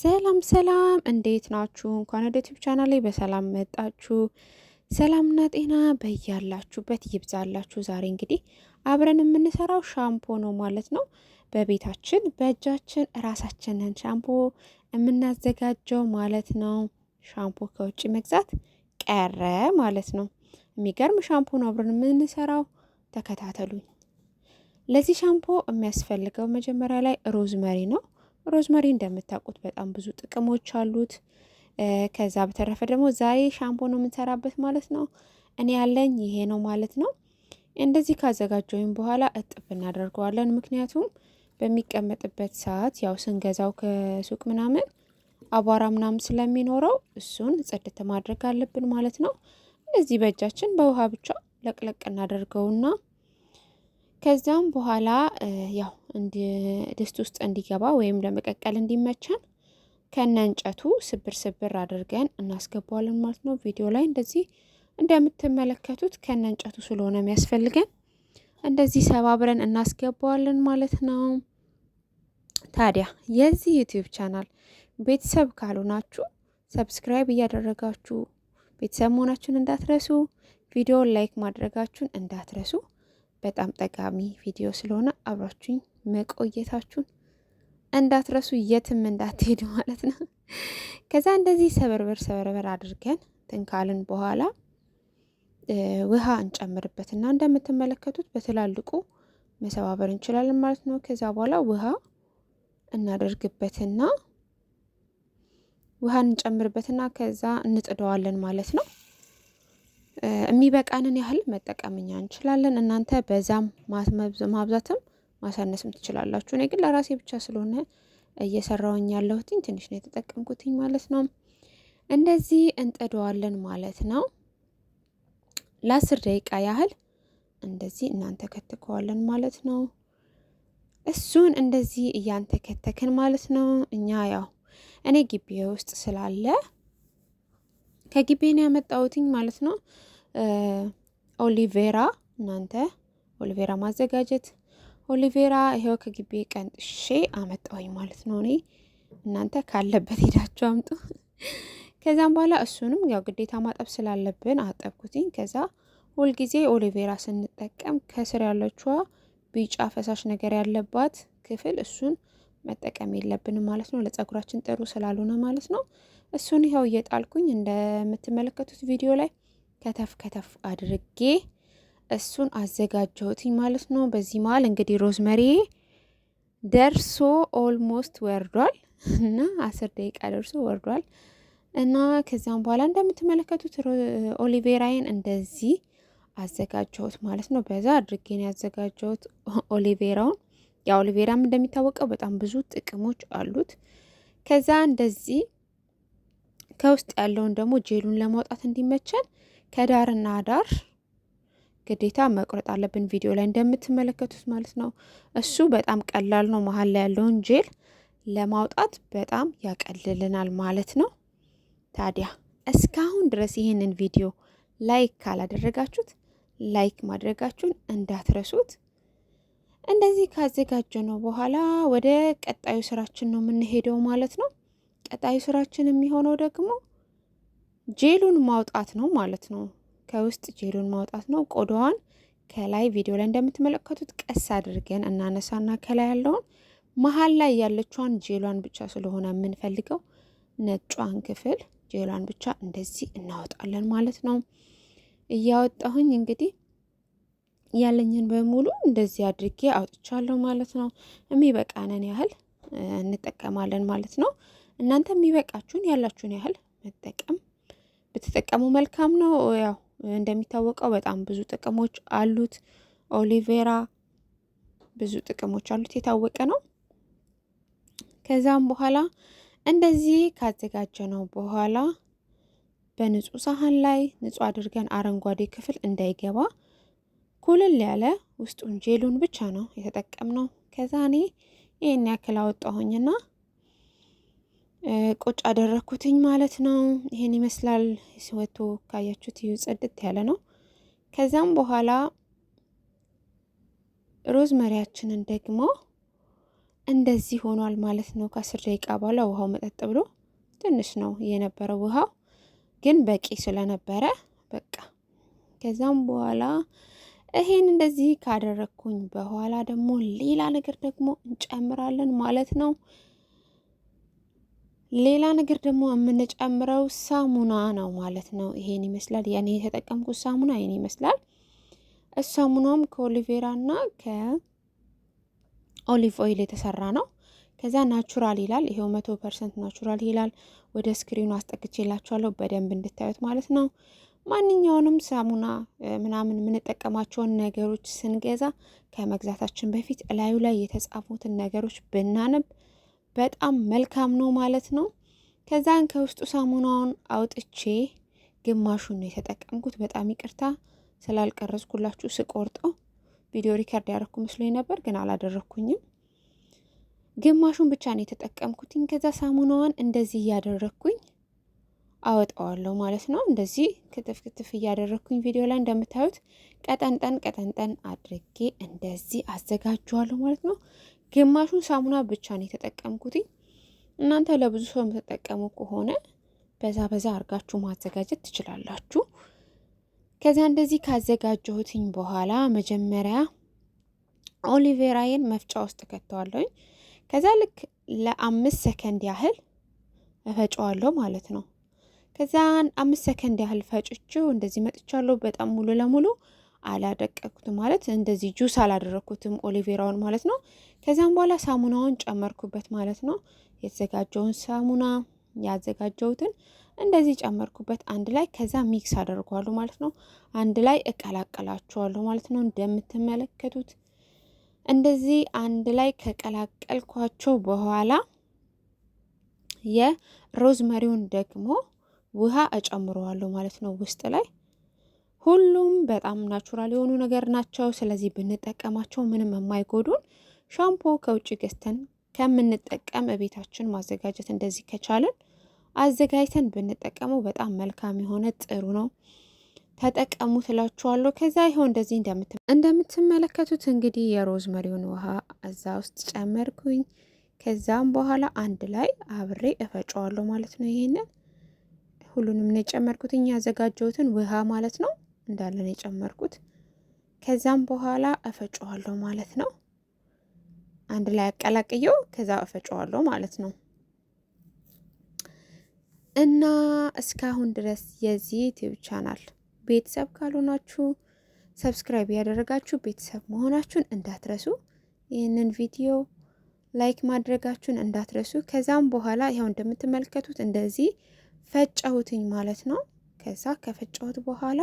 ሰላም ሰላም፣ እንዴት ናችሁ? እንኳን ወደ ዩቲዩብ ቻናል ላይ በሰላም መጣችሁ። ሰላምና ጤና በያላችሁበት ይብዛላችሁ። ዛሬ እንግዲህ አብረን የምንሰራው ሻምፖ ነው ማለት ነው። በቤታችን በእጃችን ራሳችንን ሻምፖ የምናዘጋጀው ማለት ነው። ሻምፖ ከውጭ መግዛት ቀረ ማለት ነው። የሚገርም ሻምፖ ነው አብረን የምንሰራው። ተከታተሉኝ። ለዚህ ሻምፖ የሚያስፈልገው መጀመሪያ ላይ ሮዝመሪ ነው። ሮዝመሪ እንደምታውቁት በጣም ብዙ ጥቅሞች አሉት። ከዛ በተረፈ ደግሞ ዛሬ ሻምፖ ነው የምንሰራበት ማለት ነው። እኔ ያለኝ ይሄ ነው ማለት ነው። እንደዚህ ካዘጋጀውኝ በኋላ እጥፍ እናደርገዋለን። ምክንያቱም በሚቀመጥበት ሰዓት ያው ስንገዛው ከሱቅ ምናምን አቧራ ምናምን ስለሚኖረው እሱን ጽድት ማድረግ አለብን ማለት ነው። እዚህ በእጃችን በውሃ ብቻ ለቅለቅ እናደርገውና ከዚያም በኋላ ያው ድስት ውስጥ እንዲገባ ወይም ለመቀቀል እንዲመቸን ከነ እንጨቱ ስብር ስብር አድርገን እናስገባዋለን ማለት ነው። ቪዲዮ ላይ እንደዚህ እንደምትመለከቱት ከነ እንጨቱ ስለሆነ የሚያስፈልገን እንደዚህ ሰባብረን እናስገባዋለን ማለት ነው። ታዲያ የዚህ ዩቲዩብ ቻናል ቤተሰብ ካልሆናችሁ ሰብስክራይብ እያደረጋችሁ ቤተሰብ መሆናችሁን እንዳትረሱ፣ ቪዲዮን ላይክ ማድረጋችሁን እንዳትረሱ በጣም ጠቃሚ ቪዲዮ ስለሆነ አብራችሁኝ መቆየታችሁን እንዳትረሱ፣ የትም እንዳትሄዱ ማለት ነው። ከዛ እንደዚህ ሰበርበር ሰበርበር አድርገን ትንካልን በኋላ ውሃ እንጨምርበት እና እንደምትመለከቱት በትላልቁ መሰባበር እንችላለን ማለት ነው። ከዛ በኋላ ውሃ እናደርግበትና ውሃ እንጨምርበትና ከዛ እንጥደዋለን ማለት ነው። የሚበቃንን ያህል መጠቀምኛ እንችላለን። እናንተ በዛም ማብዛትም ማሳነስም ትችላላችሁ። እኔ ግን ለራሴ ብቻ ስለሆነ እየሰራውኝ ያለሁትኝ ትንሽ ነው የተጠቀምኩትኝ ማለት ነው። እንደዚህ እንጥደዋለን ማለት ነው። ለአስር ደቂቃ ያህል እንደዚህ እናንተ ከትከዋለን ማለት ነው። እሱን እንደዚህ እያንተከተክን ማለት ነው። እኛ ያው እኔ ግቢ ውስጥ ስላለ ከግቤ ነው ያመጣሁትኝ ማለት ነው። ኦሊቬራ እናንተ ኦሊቬራ ማዘጋጀት ኦሊቬራ ይሄው ከግቤ ቀንጥሼ አመጣሁኝ ማለት ነው። እኔ እናንተ ካለበት ሄዳችሁ አምጡ። ከዛም በኋላ እሱንም ያው ግዴታ ማጠብ ስላለብን አጠብኩትኝ። ከዛ ሁልጊዜ ኦሊቬራ ስንጠቀም ከስር ያለችዋ ቢጫ ፈሳሽ ነገር ያለባት ክፍል እሱን መጠቀም የለብንም ማለት ነው። ለጸጉራችን ጥሩ ስላልሆነ ማለት ነው። እሱን ይኸው እየጣልኩኝ እንደምትመለከቱት ቪዲዮ ላይ ከተፍ ከተፍ አድርጌ እሱን አዘጋጀሁትኝ ማለት ነው። በዚህ መሀል እንግዲህ ሮዝመሪ ደርሶ ኦልሞስት ወርዷል እና አስር ደቂቃ ደርሶ ወርዷል እና ከዚያም በኋላ እንደምትመለከቱት ኦሊቬራይን እንደዚህ አዘጋጀሁት ማለት ነው። በዛ አድርጌ ያዘጋጀሁት ኦሊቬራውን። የኦሊቬራም እንደሚታወቀው በጣም ብዙ ጥቅሞች አሉት። ከዛ እንደዚህ ከውስጥ ያለውን ደግሞ ጄሉን ለማውጣት እንዲመቸን ከዳርና ዳር ግዴታ መቁረጥ አለብን፣ ቪዲዮ ላይ እንደምትመለከቱት ማለት ነው። እሱ በጣም ቀላል ነው። መሀል ላይ ያለውን ጄል ለማውጣት በጣም ያቀልልናል ማለት ነው። ታዲያ እስካሁን ድረስ ይህንን ቪዲዮ ላይክ ካላደረጋችሁት ላይክ ማድረጋችሁን እንዳትረሱት። እንደዚህ ካዘጋጀ ነው በኋላ ወደ ቀጣዩ ስራችን ነው የምንሄደው ማለት ነው። ቀጣይ ስራችን የሚሆነው ደግሞ ጄሉን ማውጣት ነው ማለት ነው። ከውስጥ ጄሉን ማውጣት ነው። ቆዳዋን ከላይ ቪዲዮ ላይ እንደምትመለከቱት ቀስ አድርገን እናነሳና ከላይ ያለውን መሀል ላይ ያለችዋን ጄሏን ብቻ ስለሆነ የምንፈልገው ነጯን ክፍል ጄሏን ብቻ እንደዚህ እናወጣለን ማለት ነው። እያወጣሁኝ እንግዲህ ያለኝን በሙሉ እንደዚህ አድርጌ አውጥቻለሁ ማለት ነው። የሚበቃንን ያህል እንጠቀማለን ማለት ነው። እናንተ የሚበቃችሁን ያላችሁን ያህል መጠቀም ብትጠቀሙ መልካም ነው። ያው እንደሚታወቀው በጣም ብዙ ጥቅሞች አሉት። ኦሊቬራ ብዙ ጥቅሞች አሉት፣ የታወቀ ነው። ከዛም በኋላ እንደዚህ ካዘጋጀ ነው በኋላ በንጹህ ሳህን ላይ ንጹህ አድርገን አረንጓዴ ክፍል እንዳይገባ ኩልል ያለ ውስጡን ጄሉን ብቻ ነው የተጠቀምነው። ከዛ እኔ ይህን ያክል አወጣሁኝና ቁጭ አደረግኩትኝ ማለት ነው። ይሄን ይመስላል ሲወቱ ካያችሁት እዩ ጽድት ያለ ነው። ከዛም በኋላ ሮዝመሪያችንን ደግሞ እንደዚህ ሆኗል ማለት ነው። ከአስር ደቂቃ በኋላ ውሃው መጠጥ ብሎ ትንሽ ነው የነበረው ውሃው ግን በቂ ስለነበረ በቃ ከዛም በኋላ ይሄን እንደዚህ ካደረግኩኝ በኋላ ደግሞ ሌላ ነገር ደግሞ እንጨምራለን ማለት ነው። ሌላ ነገር ደግሞ የምንጨምረው ሳሙና ነው ማለት ነው። ይሄን ይመስላል። ያኔ የተጠቀምኩት ሳሙና ይሄን ይመስላል። ሳሙናውም ከኦሊቬራ እና ከኦሊቭ ኦይል የተሰራ ነው። ከዛ ናቹራል ይላል። ይሄው መቶ ፐርሰንት ናቹራል ይላል። ወደ ስክሪኑ አስጠግቼላችኋለሁ በደንብ እንድታዩት ማለት ነው። ማንኛውንም ሳሙና ምናምን የምንጠቀማቸውን ነገሮች ስንገዛ ከመግዛታችን በፊት እላዩ ላይ የተጻፉትን ነገሮች ብናነብ በጣም መልካም ነው ማለት ነው። ከዛን ከውስጡ ሳሙናውን አውጥቼ ግማሹን ነው የተጠቀምኩት። በጣም ይቅርታ ስላልቀረጽኩላችሁ ስቆርጠው ቪዲዮ ሪከርድ ያደረግኩ መስሎኝ ነበር፣ ግን አላደረኩኝም። ግማሹን ብቻ ነው የተጠቀምኩትኝ። ከዛ ሳሙናዋን እንደዚህ እያደረግኩኝ አወጣዋለሁ ማለት ነው። እንደዚህ ክትፍ ክትፍ እያደረግኩኝ ቪዲዮ ላይ እንደምታዩት ቀጠንጠን ቀጠንጠን አድርጌ እንደዚህ አዘጋጀዋለሁ ማለት ነው። ግማሹን ሳሙና ብቻ ነው የተጠቀምኩት። እናንተ ለብዙ ሰው የምትጠቀሙ ከሆነ በዛ በዛ አድርጋችሁ ማዘጋጀት ትችላላችሁ። ከዚያ እንደዚህ ካዘጋጀሁትኝ በኋላ መጀመሪያ ኦሊቬራዬን መፍጫ ውስጥ ከተዋለሁኝ። ከዛ ልክ ለአምስት ሰከንድ ያህል እፈጨዋለሁ ማለት ነው። ከዚያን አምስት ሰከንድ ያህል ፈጭችው እንደዚህ መጥቻለሁ። በጣም ሙሉ ለሙሉ አላደቀኩትም ማለት እንደዚህ ጁስ አላደረኩትም፣ ኦሊቬራውን ማለት ነው። ከዚያም በኋላ ሳሙናውን ጨመርኩበት ማለት ነው። የተዘጋጀውን ሳሙና ያዘጋጀሁትን እንደዚህ ጨመርኩበት አንድ ላይ። ከዛ ሚክስ አደርገዋለሁ ማለት ነው። አንድ ላይ እቀላቀላቸዋለሁ ማለት ነው። እንደምትመለከቱት እንደዚህ አንድ ላይ ከቀላቀልኳቸው በኋላ የሮዝመሪውን ደግሞ ውሃ እጨምረዋለሁ ማለት ነው ውስጥ ላይ ሁሉም በጣም ናቹራል የሆኑ ነገር ናቸው። ስለዚህ ብንጠቀማቸው ምንም የማይጎዱን ሻምፖ ከውጭ ገዝተን ከምንጠቀም እቤታችን ማዘጋጀት እንደዚህ ከቻለን አዘጋጅተን ብንጠቀመው በጣም መልካም የሆነ ጥሩ ነው። ተጠቀሙ ትላችኋለሁ። ከዛ ይኸው እንደዚህ እንደምትመለከቱት እንግዲህ የሮዝመሪውን ውሃ እዛ ውስጥ ጨመርኩኝ። ከዛም በኋላ አንድ ላይ አብሬ እፈጨዋለሁ ማለት ነው። ይሄንን ሁሉንም ነው የጨመርኩት ያዘጋጀሁትን ውሃ ማለት ነው። እንዳለን የጨመርኩት። ከዛም በኋላ እፈጨዋለሁ ማለት ነው። አንድ ላይ አቀላቅየው ከዛ እፈጨዋለሁ ማለት ነው። እና እስካሁን ድረስ የዚህ ዩቲዩብ ቻናል ቤተሰብ ካልሆናችሁ ሰብስክራይብ ያደረጋችሁ ቤተሰብ መሆናችሁን እንዳትረሱ፣ ይህንን ቪዲዮ ላይክ ማድረጋችሁን እንዳትረሱ። ከዛም በኋላ ያው እንደምትመለከቱት እንደዚህ ፈጨሁትኝ ማለት ነው። ከዛ ከፈጨሁት በኋላ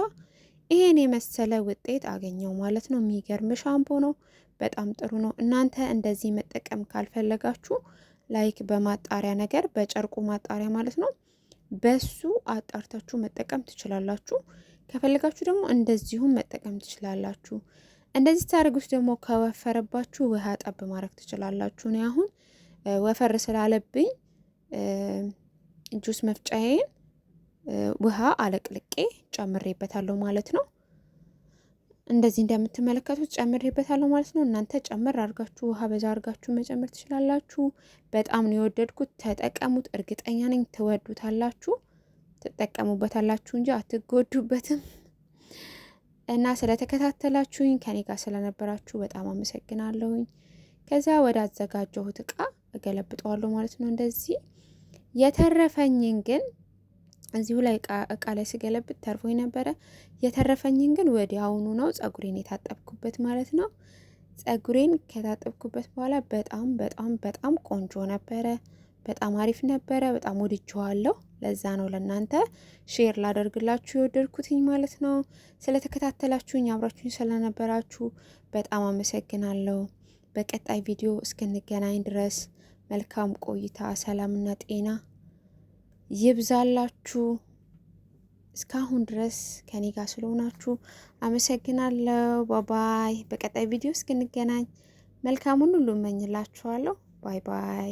ይሄን የመሰለ ውጤት አገኘው ማለት ነው። የሚገርም ሻምፖ ነው። በጣም ጥሩ ነው። እናንተ እንደዚህ መጠቀም ካልፈለጋችሁ ላይክ በማጣሪያ ነገር በጨርቁ ማጣሪያ ማለት ነው በሱ አጣርታችሁ መጠቀም ትችላላችሁ። ከፈለጋችሁ ደግሞ እንደዚሁም መጠቀም ትችላላችሁ። እንደዚህ ታደርጉት ደግሞ ከወፈረባችሁ ውሃ ጠብ ማድረግ ትችላላችሁ። እኔ አሁን ወፈር ስላለብኝ ጁስ መፍጫዬን ውሃ አለቅልቄ ጨምሬበታለሁ ማለት ነው። እንደዚህ እንደምትመለከቱት ጨምሬበታለሁ ማለት ነው። እናንተ ጨምር አድርጋችሁ ውሃ በዛ አድርጋችሁ መጨመር ትችላላችሁ። በጣም ነው የወደድኩት። ተጠቀሙት። እርግጠኛ ነኝ ትወዱታላችሁ፣ ትጠቀሙበታላችሁ እንጂ አትጎዱበትም። እና ስለተከታተላችሁኝ ከኔ ጋር ስለነበራችሁ በጣም አመሰግናለሁኝ። ከዛ ወደ አዘጋጀሁት እቃ እገለብጠዋለሁ ማለት ነው። እንደዚህ የተረፈኝን ግን እዚሁ ላይ እቃ ላይ ስገለብት ተርፎ ነበረ። የተረፈኝን ግን ወዲያውኑ ነው ጸጉሬን የታጠብኩበት ማለት ነው። ጸጉሬን ከታጠብኩበት በኋላ በጣም በጣም በጣም ቆንጆ ነበረ። በጣም አሪፍ ነበረ። በጣም ወድጀዋለሁ። ለዛ ነው ለእናንተ ሼር ላደርግላችሁ የወደድኩትኝ ማለት ነው። ስለተከታተላችሁኝ አብራችሁኝ ስለነበራችሁ በጣም አመሰግናለሁ። በቀጣይ ቪዲዮ እስክንገናኝ ድረስ መልካም ቆይታ፣ ሰላምና ጤና ይብዛላችሁ። እስካሁን ድረስ ከኔ ጋር ስለሆናችሁ አመሰግናለሁ። ባባይ። በቀጣይ ቪዲዮ እስክንገናኝ መልካሙን ሁሉ እመኝላችኋለሁ። ባይ ባይ።